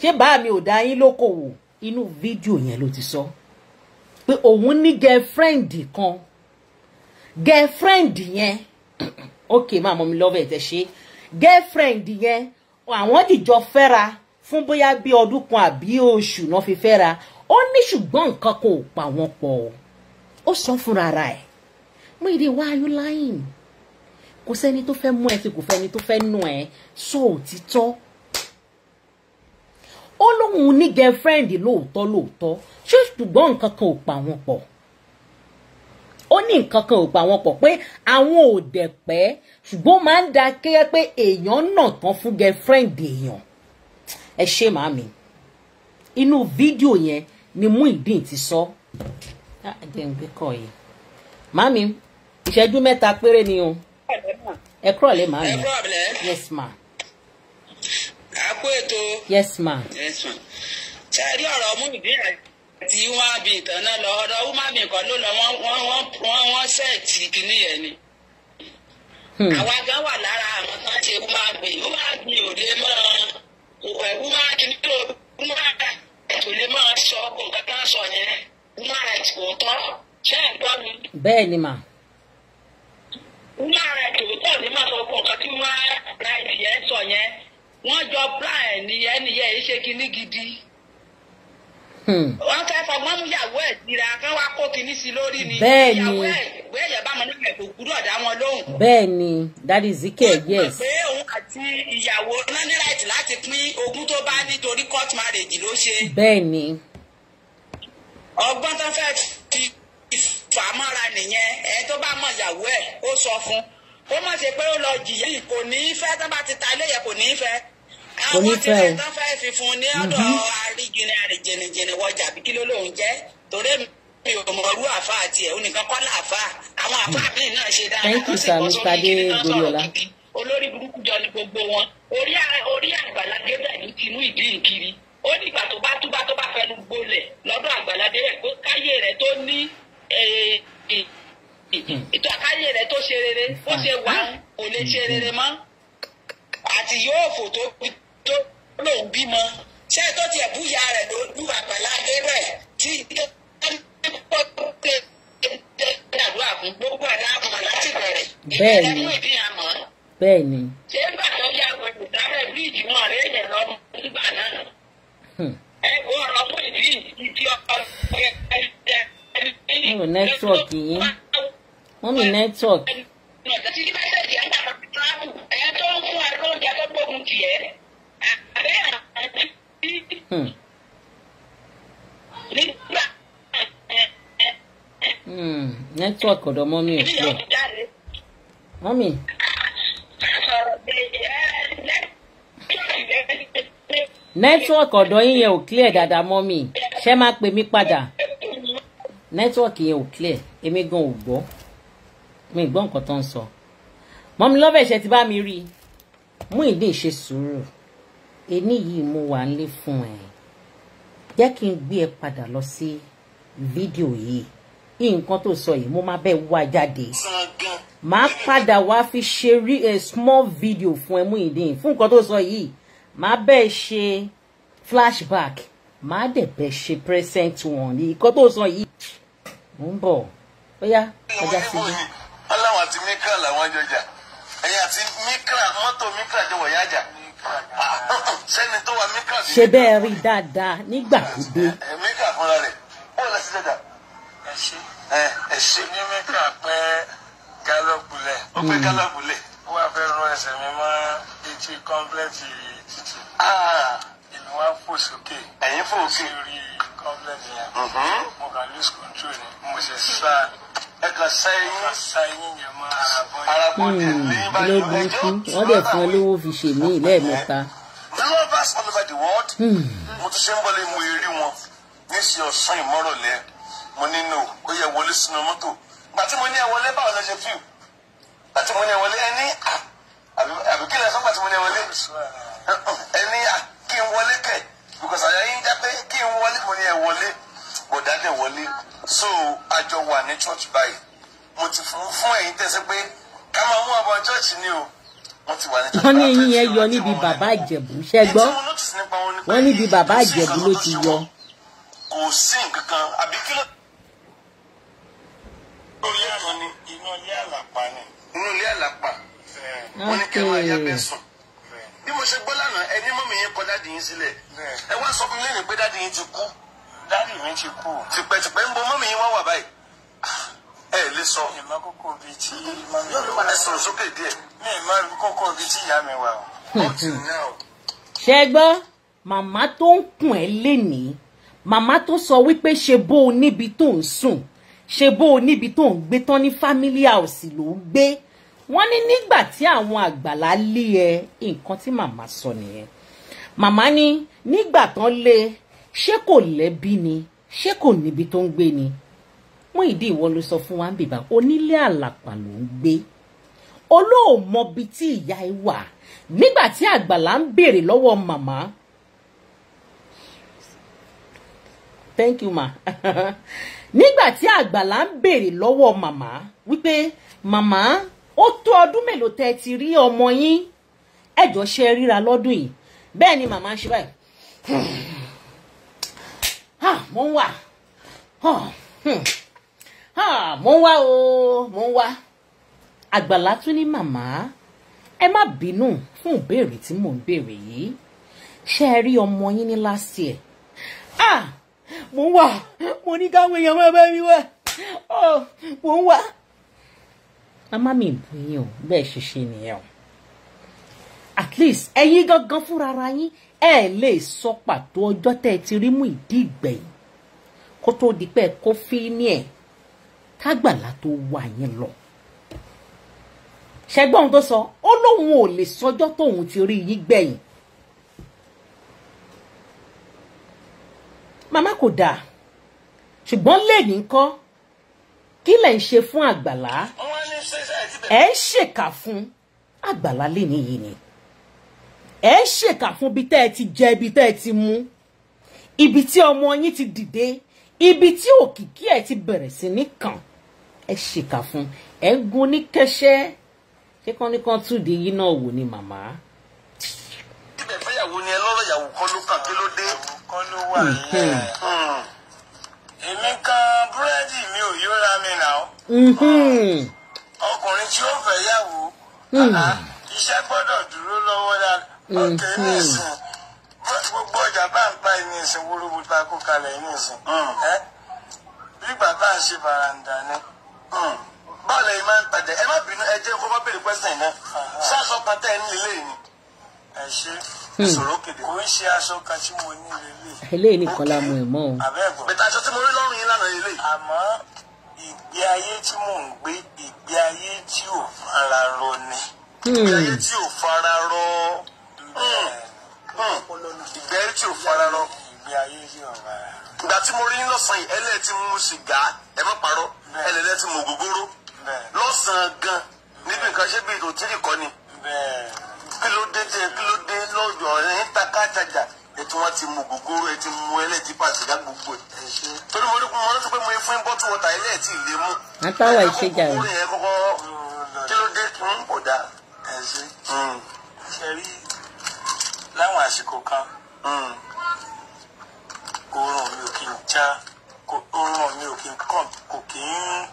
ṣé bá mi ò dá yín lókòwò inú fídíò yẹn ló ti sọ. So pé òun ní girlfriend kan girlfriend yẹn ok máa mọ mi lọ́wọ́ ẹ̀ tẹ̀ ṣe girlfriend yẹn àwọn dìjọ fẹ́ra fún bóyá bí ọdún kan àbí oṣù náà fi fẹ́ra ó ní ṣùgbọ́n nǹkan kan pa wọn pọ̀ ó sọ fúnra ara ẹ̀ mo ìdí wá ayú láyìn kò sẹ́ni tó fẹ́ mú ẹ tí kò fẹ́ni tó fẹ́ nù ẹ sọ òtítọ́. So, ó lóun ní girlfriend lóòótọ́ lóòótọ́ ṣé ṣùgbọ́n nǹkan kan ò pa wọn pọ̀ ó ní nǹkan kan ò pa wọn pọ̀ pé àwọn ò dẹ̀ pẹ́ ṣùgbọ́n máa ń da kéré pé èèyàn náà tán fún girlfriend èèyàn ẹ ṣe màmí inú fídíò yẹn ni Muyideen ti sọ ah, màmí ìṣẹ́jú mẹ́ta péré ni o ẹ kúrọ̀lẹ́ màmí yes ma. àpò ètò. yes ma. yes ma. ṣé ọrọ ọ̀rọ̀ ìdí àti wọn àbí ìtàn náà lọ ọ̀rọ̀ wúmàmì kan ló lọ wọ́n wọ́n sẹ́ẹ̀tì kìíní yẹn ni. Hmm. lára àwọn tó ṣe lè máa sọ sọ yẹn ẹ̀ ní wọ́n jọ plan ẹ̀ nìyẹn nìyẹn èyí ṣe kinní gidi hmm. wọ́n fẹ́ fọgbọ́n mú ìyàwó ẹ̀ nira kán wá kó kinní sí lórí ni ìyàwó ẹ̀ ìwé ẹ̀yẹ mọ nípa ẹ̀kọ́ gbúdọ̀ wọn lóhùn. bẹ́ẹ̀ ni that is ike yes. pé òun àti ìyàwó náà láti pín ogún tó bá nítorí court marriage ló ṣe. bẹ́ẹ̀ ọgbọ́n tó fẹ́ fi fà mọ́ra nìyẹn ẹ tó bá mọ ìyàwó ẹ̀ ó sọ fún kó má ṣe pé ó lọ jìyà kò ní í fẹ́ tó bá ti ta ilé yẹ kò ní í fẹ́ onífẹ́ o. àwọn tí wọ́n fẹ́ fi fún ní mhm. ọ̀dọ̀ àríjìnì àríjìnìjìnì wọjà bí kí ló lóun jẹ́ torí mi ò mọ orú àfa àti ẹ̀ onìkan kọ́ làáfà àwọn àfa hmm. mi náà ṣe dáadáa wọ́n sì kọ́ sórí kí ni wọ́n sọ̀rọ̀ gidi olórí burúkú jọ ni gbogbo wọn orí orí Àgbàlá Gabriel ní tinú ìdí ìkiri ó nígbà tó bá túbá tó bá fẹnu gbolẹ̀ lọ́dọ̀ Àgbàlá Gabriel pé káyé rẹ̀ tó ní eh, eh, hmm. ìtọ́ káyé rẹ̀ tó ṣe rere bó ah. ṣe wà kò lè ṣe hmm. rere mọ́ àti yóò fò tó tó lóun bímọ ṣé tó tiẹ̀ búya rẹ̀ ló lu àgbàlá débẹ̀ tí e bẹ́ẹ̀ni bẹ́ẹ̀ni. ṣé bá tó yá wọn ìdáfẹ́ bí ìjùmọ̀ rẹ̀ yẹn lọ nígbà náà. Hmm. ẹ wo ọ̀rọ̀ pé bí ìdí ọkọ rẹ̀ ẹ̀ ẹ̀ ẹ̀ nẹ́tíwọ̀kì yín wọ́n mi nẹ́tíwọ̀kì. ẹ̀ tó ń fún ẹ lóúnjẹ tó gbógun tiẹ̀. Hmm. Hmm. network ọ̀dọ̀ mọ́mí ò pọ̀ mọ́mí. network ọ̀dọ̀ yín yẹn ò clear dáadáa mọ́mí ṣé máa pè mí padà network yẹn ò clear èmi gan ò gbọ́ mi gbọ́ nǹkan tó ń sọ mọ́mí lọ́bẹ̀ ṣe ti bá mi rí i mú ìdí ìṣe sùúrù ení yìí mo wà ń lé fún ẹ jẹ́ kí n gbé ẹ padà lọ sí fídíò yìí nǹkan tó sọ yìí mo máa bẹ wá jáde màá padà wá fi ṣe rí a eh, small video fún ẹ Muyideen fún nǹkan tó sọ yìí màá bẹ ṣe flashback màá dẹ̀ bẹ ṣe present one ní nǹkan tó sọ yìí mo ń bọ̀ bóyá ọjà sí i. ọlọ́wọ́n àti mikra làwọn jọjà ẹ̀yìn àti mikra mọ́tò mikra jọ̀wọ́ yájà sẹ́ni tó wà mí kàdé. ṣe bẹ́ẹ̀ rí dáadáa nígbà tó dé. èmi kà fúnra rẹ̀ bó o lọ sí dáadáa. ẹ ṣe ẹ ṣe ní mi kà pé gálọ́gùlẹ̀. ó pé gálọ́gùlẹ̀. ó wàá fẹ́ rọ ẹsẹ̀ mi mọ́ etí kọ́ńpẹ́lẹ́tì títì. ìlú wa fò sókè. ẹ̀yin fò sókè. mo rí kọ́ńpẹ́lẹ́tì yẹn. mo kà lose control ni mo sì sá ẹ kàn sá eyín arabọ tẹ lẹ́yìn bá yọ ẹjọ wọn dẹ fún ẹ fi ṣe mí lẹ́ẹ̀mẹ́ta. lovers the world mo tún ṣe ń bọ́lé mo rí wọn ní ṣe ọ̀sán ìmọ̀rọ̀lẹ́ mo nínú ó yẹ wọlé sínú mọ́tò gbàtí mo ní ẹ wọlé báwo lọ ṣe fíìmù gbàtí mo ní ẹ wọlé ẹ ní àbíkílẹ̀ fún gbàtí mo ní ẹ wọlé ẹ ní kí n wọlé kẹ̀ bùkọ̀sà yẹn jẹ́ pé kí n wọlé mo ní ẹ bọ̀dá dẹ̀ wọlé so àjọ wà ní church báyìí mo ti fún fún ẹ̀yin tẹsẹ pé ká máa mú àbọ̀ church ni o wọ́n ti wà ní church. wọ́n ní eyín yẹn yọ níbi bàbá ìjẹ̀bú ṣẹ́gbọ́ wọ́n níbi bàbá ìjẹ̀bú ló ti yọ. kò sí nǹkan kan àbí kí ló. inú ilé ni inú ilé àlàpà ni. inú ilé àlàpà wọ́n ní kẹwàá ayá sùn bí mo ṣe gbọ́ lánàá ẹni mọ́mí yẹn kọ dáàdì yín sílẹ̀ ẹ wá sọ fún mi lẹ́nu pé dáàdì yín ti kú dáàdì mi ti kú. tipẹ́tipẹ́ ń bọ mọ́mí yín wá wà báyìí ah, ẹ lè sọ. mi ma kókó bíi tí mọ́mí mi wà. ẹ sọ̀rọ̀ sókè díẹ̀. mi ma kókó bíi tí ìyá mi wà. Hmm. ṣé gbọ́ màmá tó ń kùn ẹ́ lénìí màmá tó sọ wípé ṣe bó o níbi tó ń sùn ṣe bó o níbi tó ń gbé tán ní family house ló ń gbé wọ́n ní nígbà tí àwọn àgbàlá lé ẹ nǹkan tí màmá sọ nìyẹn màmá ní nígbà tán lé ṣé kò lẹ́bí ni ṣé kò níbi tó ń gbé ni mú ìdí ìwọ ló sọ fún wa ń bèbà onílé àlàpà ló ń gbé olóòmọbi tí ìyá ẹ wà nígbà tí àgbàlá ń béèrè lọ́wọ́ màmá thank you ma nígbà tí àgbàlá ń béèrè lọ́wọ́ màmá wípé màmá ó tó ọdún mélòó tẹ́ ti rí ọmọ yín ẹjọ́ ṣe ríra lọ́dún yìí bẹ́ẹ̀ ni màmá ṣe báyìí. mo ń wà hmm. mo ń wá o mo ń wá àgbàlá tún ní màmá ẹ má bínú fún ìbéèrè tí mò ń béèrè yìí ṣé ẹ rí ọmọ yín ní last year ah mo ń wà mo ní káwọn èèyàn máa bá mi oh, mo ń wà màmá mi ń bú yín o bẹ́ẹ̀ ṣe ṣe nìyẹn o least ẹ̀yin gangan fúnra ara yín ẹ lè sọ pàtó ọjọ́ tẹ́ ẹ ti rí mú ìdí ìgbẹ̀yìn kó tó di pé kó fi ní ẹ̀ kágbàlá tó wà yín lọ. ṣẹgbọ́n tó sọ ó lóun ò lè sọjọ́ tóun ti rí yín gbẹ̀yìn. màmá kò dáa ṣùgbọ́n lẹ́yìn ńkọ́ kí lẹ̀ ń ṣe fún àgbàlá ẹ̀ ń ṣèkà fún àgbàlá lẹ́yìn yìí ni. Yi ni ẹ ṣèkà fún ibi tẹ́ ẹ ti jẹ ibi tẹ́ ẹ ti mu ibi tí ọmọ yín ti dìde ibi tí òkìkí ẹ ti bẹ̀rẹ̀ sí ní kàn ẹ ṣèkà fún ẹ gun ní kẹsẹ́ ṣé kán ní kán túde yín náà wò ni màmá. ìbẹ̀ fẹ́yàwó ni ẹ lọ́rọ̀ ìyàwó kọ́ ló kàn kí ló dé. kọ́ ló wà nílẹ̀ hmm. eh, èmi kan búrẹ́dì mi ò yóra mi nà ó. Mm-hmm. ọkùnrin tí ó fẹ́ yàwó hmm. iṣẹ́ gbọ́dọ̀ dúró lọ́wọ́ dáadáa ọ̀tẹ̀ ní ìsìn wọ́n ti gbogbo ọjà bá ń pa ẹni ìsìn wúrúwúrú tá a kó kalẹ̀ ní ìsìn mm. ẹ́ bí ìgbà tá à ń ṣe bàràǹdà ni mm. bọ́ọ̀lù yìí máa ń padà ẹ má bínú ẹ jẹ́ kókó béèrè pẹ́sìn náà ṣé aṣọ pátá ẹ ní ilé yìí ẹ ṣe hmm. ìṣòro kéde kò ń ṣe aṣọ kan tí mo ní ilé yìí. eléyìí nìkan la mọ̀ ẹ̀ mọ́ o. àbẹ́ẹ̀kọ́ aṣọ tí mo rí lọ́rùn yín lánàá ilé yìí. àmọ́ ìgbé ayé tí mò ń gbé ìgbé ayé tí ò fara rọ ni hmm. ìgbé ayé tí ò fara rọ ìgbẹ́rí tí ò fara lọ. ìgbà tí mo rí yín lọ́sàn-án yìí ẹlẹ́ẹ̀ tí mu sìgá ẹ má parọ́ ẹlẹ́ẹ̀ tí mu ògógóró lọ́sàn-án gan níbi nǹkan ṣé bí ìdòtírì kọ́ ni kí ló dé tẹ kí ló dé lọ́jọ́ ẹ̀yìn takátajà ètò wọn ti mu ògógóró ẹ ti mu ẹlẹ́ẹ̀ tí pàṣẹgá gbogbo ẹ̀ torí mo rí kún mo rántí pé mo fún bọ́tù wọ́tà ẹlẹ́ẹ̀ tí ì lè mú. àtàwọn ìṣèjà rẹ kí ló dé kún ọ̀dà. ṣe rí láwọn àsìkò kan hmm, oorun mi ò kí n já oorun mi ò kí n kàn kò kí n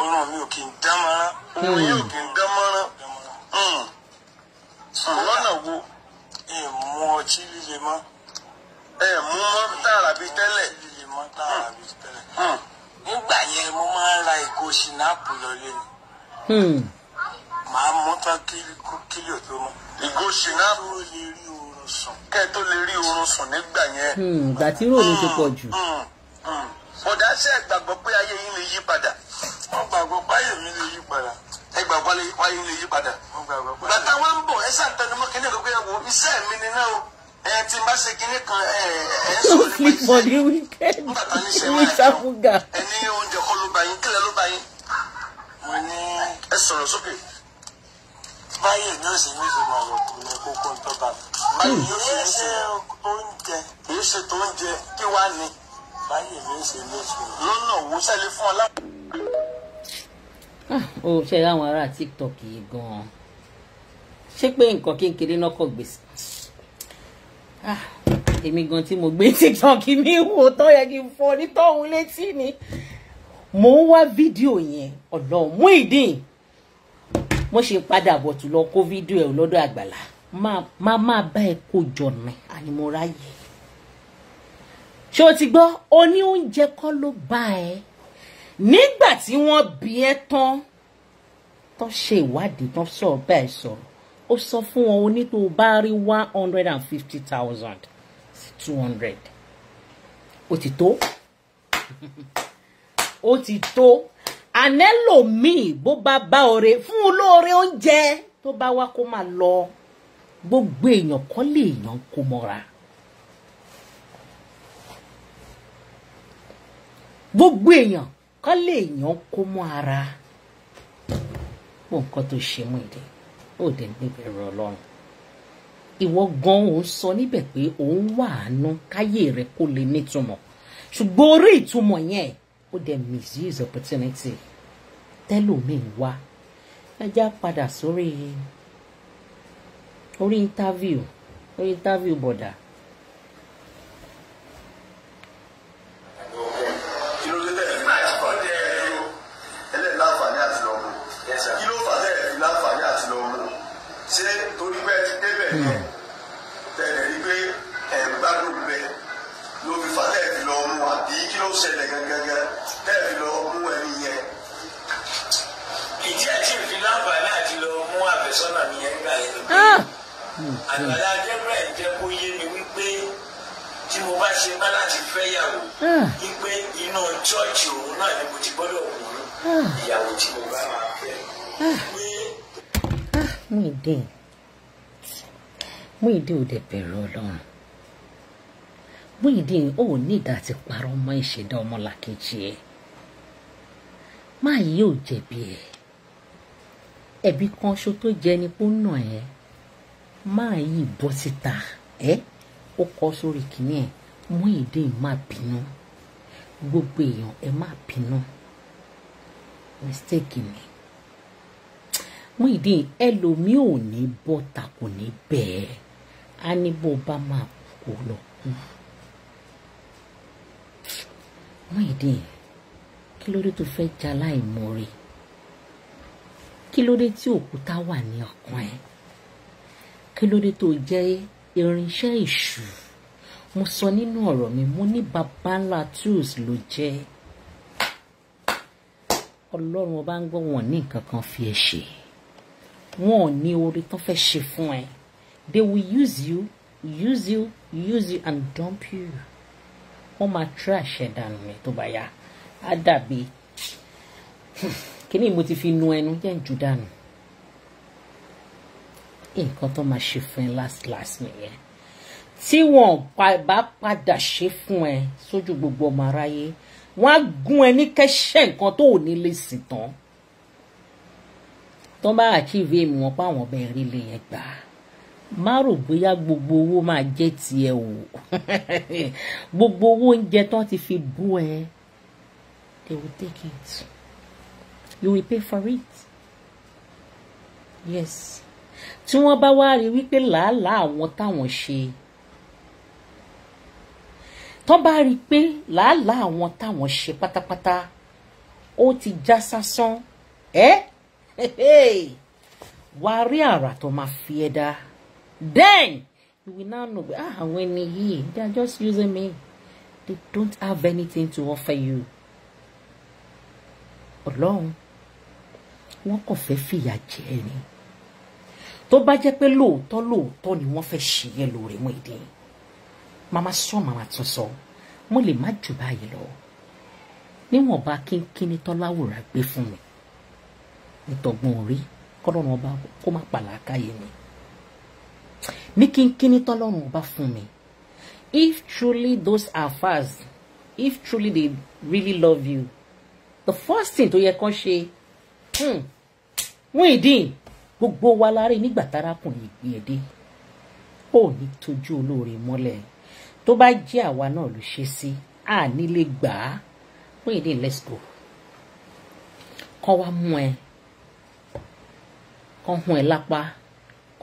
oorun mi ò kí n dámọ́rán oorun mi ò kí n dámọ́rán hmm. hmm. lọ́nà wo ẹ mú ọtí líle mọ́ ẹ mú mọ́ tààrà bíi tẹ́lẹ̀ líle mọ́ tààrà bíi tẹ́lẹ̀ nígbà yẹn mo máa ń ra ìgò ṣìnáàpù lọlé ni màá mú tán kílíò tó mọ́ ìgò ṣìnáàpù lè rí oorun sùn kẹ́ ẹ tó lè rí oorun sùn nígbà yẹn. Hmm, ìgbà tí ròyìn ti pọ̀ jù. bọ̀dá ṣe é gbàgbọ́ pé ayé yín lè yí padà. wọ́n gbàgbọ́ báyé mi lè yí padà. ẹ gbàgbọ́ báyé lè yí padà. bàtà wa ń bọ̀ ẹ ṣàtẹnumọ́ kí ní ìgbàgbọ́ yẹn wò iṣẹ́ mi ni náà o ẹ ti bá ṣe kinní kan ẹ ẹ sọ nípa iṣẹ́ nígbà tá ní ṣe máa jọ ẹ ní oúnjẹ kọ́ ló bá yín kílẹ̀ ló bá yín. mo ní ẹ sọ̀rọ̀ sókè báyìí ní òsì ní ìfìmọ̀ àyọ̀kùn ní kókó ń tọ́ba. báyìí yóò ṣe ṣe oúnjẹ kì í ṣe tó oúnjẹ kí wàá ní. báyìí ní òsì ní ìfìmọ̀ lọ́nà òwò ṣẹlẹ̀ fún ọ lá. Ah, ṣe láwọn ará tiktok yìí gan-an ṣé pé nǹkan kékeré náà kọ̀ gbèsè ah, èmi gan tí mo gbé tiktok mi wò tó yẹ kí n fọ ní létí ni mò ń wá fídíò yẹn ọ̀dọ̀ Muyideen mo ṣe padà bọ̀ tù lọ kó fídíò ẹ̀ lọ́dọ̀ àgbàlá má má bá ẹ kó jọ̀nà àní mo ráyè ṣé o ti gbọ́ o ní oúnjẹ kọ́ ló bá ẹ nígbà tí wọ́n bí ẹ tán tán ṣe ìwádìí tán sọ̀rọ̀ bẹ́ẹ̀ sọ̀rọ̀ ó sọ fún wọn o ní tó o bá rí one hundred and fifty thousand sí two hundred o ti tó ó ti tó. ànẹ́lòmíì bó bá bá ọrẹ fún olóore oúnjẹ tó bá wá kó máa lọ gbogbo èèyàn kọ́ lèèyàn kó mọ́ra. gbogbo èèyàn kọ́ lèèyàn kó mọ́ ara bó nǹkan tó ṣe mú ìdè ó dẹ̀ níbẹ̀rù ọlọ́run ìwọ gan òun sọ níbẹ̀ pé òun wà àánú káyé rẹ kó lè nítumọ̀ ṣùgbọ́n orí ìtumọ̀ yẹn ó dẹ̀ misuse opportunity tẹ́lòmíì ń wá ẹjá padà sórí orí interview orí interview bọ̀dà Muyideen Muyideen ò dẹ̀ bẹ̀rù Ọlọ́run Muyideen ò ní ìdá ti parọ́ mọ́ ìṣẹ̀dá ọmọlàkejì ẹ̀ máa yí ò jẹ̀bi ẹ̀ ẹ̀bi kan ṣo tó jẹ ni pé ó nà ẹ́ máa yí bọ́ síta ẹ́ ó kọ́ sórí kìíní ẹ̀ Muyideen má bínú gbogbo èèyàn ẹ má bínú mistake ni. Muyideen ẹlòmíì ò ní bọ́ta kò ní bẹ́ẹ̀ á ní bó bá máa kú lọ kú. Muyideen kí ló dé tó fẹ́ jaláì mọ́re kí ló dé tí òkúta wà ní ọkàn ẹ kí ló dé tó jẹ́ irinṣẹ́ ìṣù mo sọ nínú ọ̀rọ̀ mi mo ní baba ńlá tools ló jẹ́ ọlọ́run ọba ń gbọ́ wọn ní nǹkan kan fi ẹ ṣe wọn ò ní oore tán fẹ́ ṣe fún ẹ they will use you use you use you and dump you wọ́n máa trash ẹ̀ dànù ni tó bá yá á dàbí hmm, kíní mo ti fi nu ẹnu jẹ́ ìjú dànù nǹkan tó máa ṣe fún ẹ last last nìyẹn tí wọn bá padà ṣe fún ẹ sójú gbogbo ọmọ aráyé wọn á gún ẹ ní kẹsẹ nǹkan tó ò ní lè sìn tán tó bá achieve èmi wọn páwọn ọbẹ̀ rí lè yẹn gbà má rò bóyá gbogbo owó máa jẹ́ tiẹ̀ o gbogbo owó oúnjẹ tó ti fi bú ẹ they will take it you will pay for it yes tí wọ́n bá wá rí wípé làálàá àwọn táwọn ṣe tó bá rí pé làálàá àwọn táwọn ṣe pátápátá ó ti já sásán ẹ́. Eh? Hey, á rí my tó then you will now know ah when ẹni they are just using me they don't have anything to offer you Along, wọ́n kàn fẹ́ fìyà jẹ ẹ ni tó to low pé lóòótọ́ lóòótọ́ ni wọ́n fẹ́ ṣe yẹ lóore mọ́ ìdí màmá sọ màmá tún sọ mo lè má jù báyìí lọ níwọ̀nba kínkínní tọ́láwòrán gbé fún ìtọ̀gbọ̀n rí kọ́lọ́run ọba kó má pàlàkà yìí ni ní kínkínní tọ́lọ́run ọba fún mi if truly those are fast if truly they really love you the first thing tó yẹ kán ṣe hmm, wọ́n ìdín gbogbo wa láre nígbà tárakùnrin ìgbìyẹ̀ dé ò ní tójú olóore mọ́lẹ̀ tó bá jẹ́ àwa náà ló ṣe sí à nílé gbà á wọ́n ìdín let's go kọ́ wa mú ẹ kán hun ẹ lápá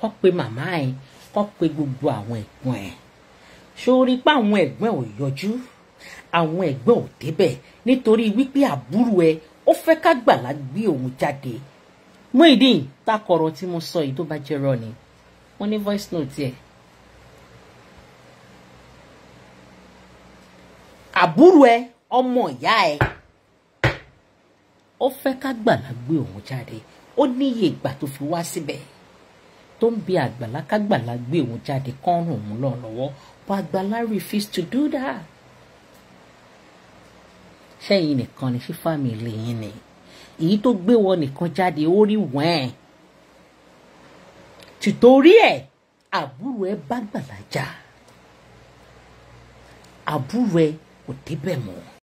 kán pe màmá ẹ kán pe gbogbo àwọn ẹ̀gbọ́n ẹ sórí pé àwọn ẹ̀gbọ́n ò yọjú àwọn ẹ̀gbọ́n ò débẹ̀ nítorí wípé àbúrò ẹ ó fẹ́ ká gbàlá gbé òun jáde Muyideen takọ̀rọ̀ tí mo sọ yìí tó bá jẹ́ rọ ni mo ní voice note ẹ̀ àbúrò ẹ ọmọ ìyá ẹ ó fẹ́ ká gbàlá gbé òun jáde ó níye ìgbà tó fi wá síbẹ̀ tó ń bi àgbàlá kágbàlá gbé òun jáde kán ràn òun lọ lọ́wọ́ but àgbàlá refuse to do that. sẹ́yìn nìkan ni sí fámìlì yín ni èyí tó gbé wọn nìkan jáde ó rí wẹ́ẹ̀ tìtorí ẹ̀ àbúrò ẹ̀ bá gbàlá jà àbúrò ẹ̀ kò débẹ̀ mọ́.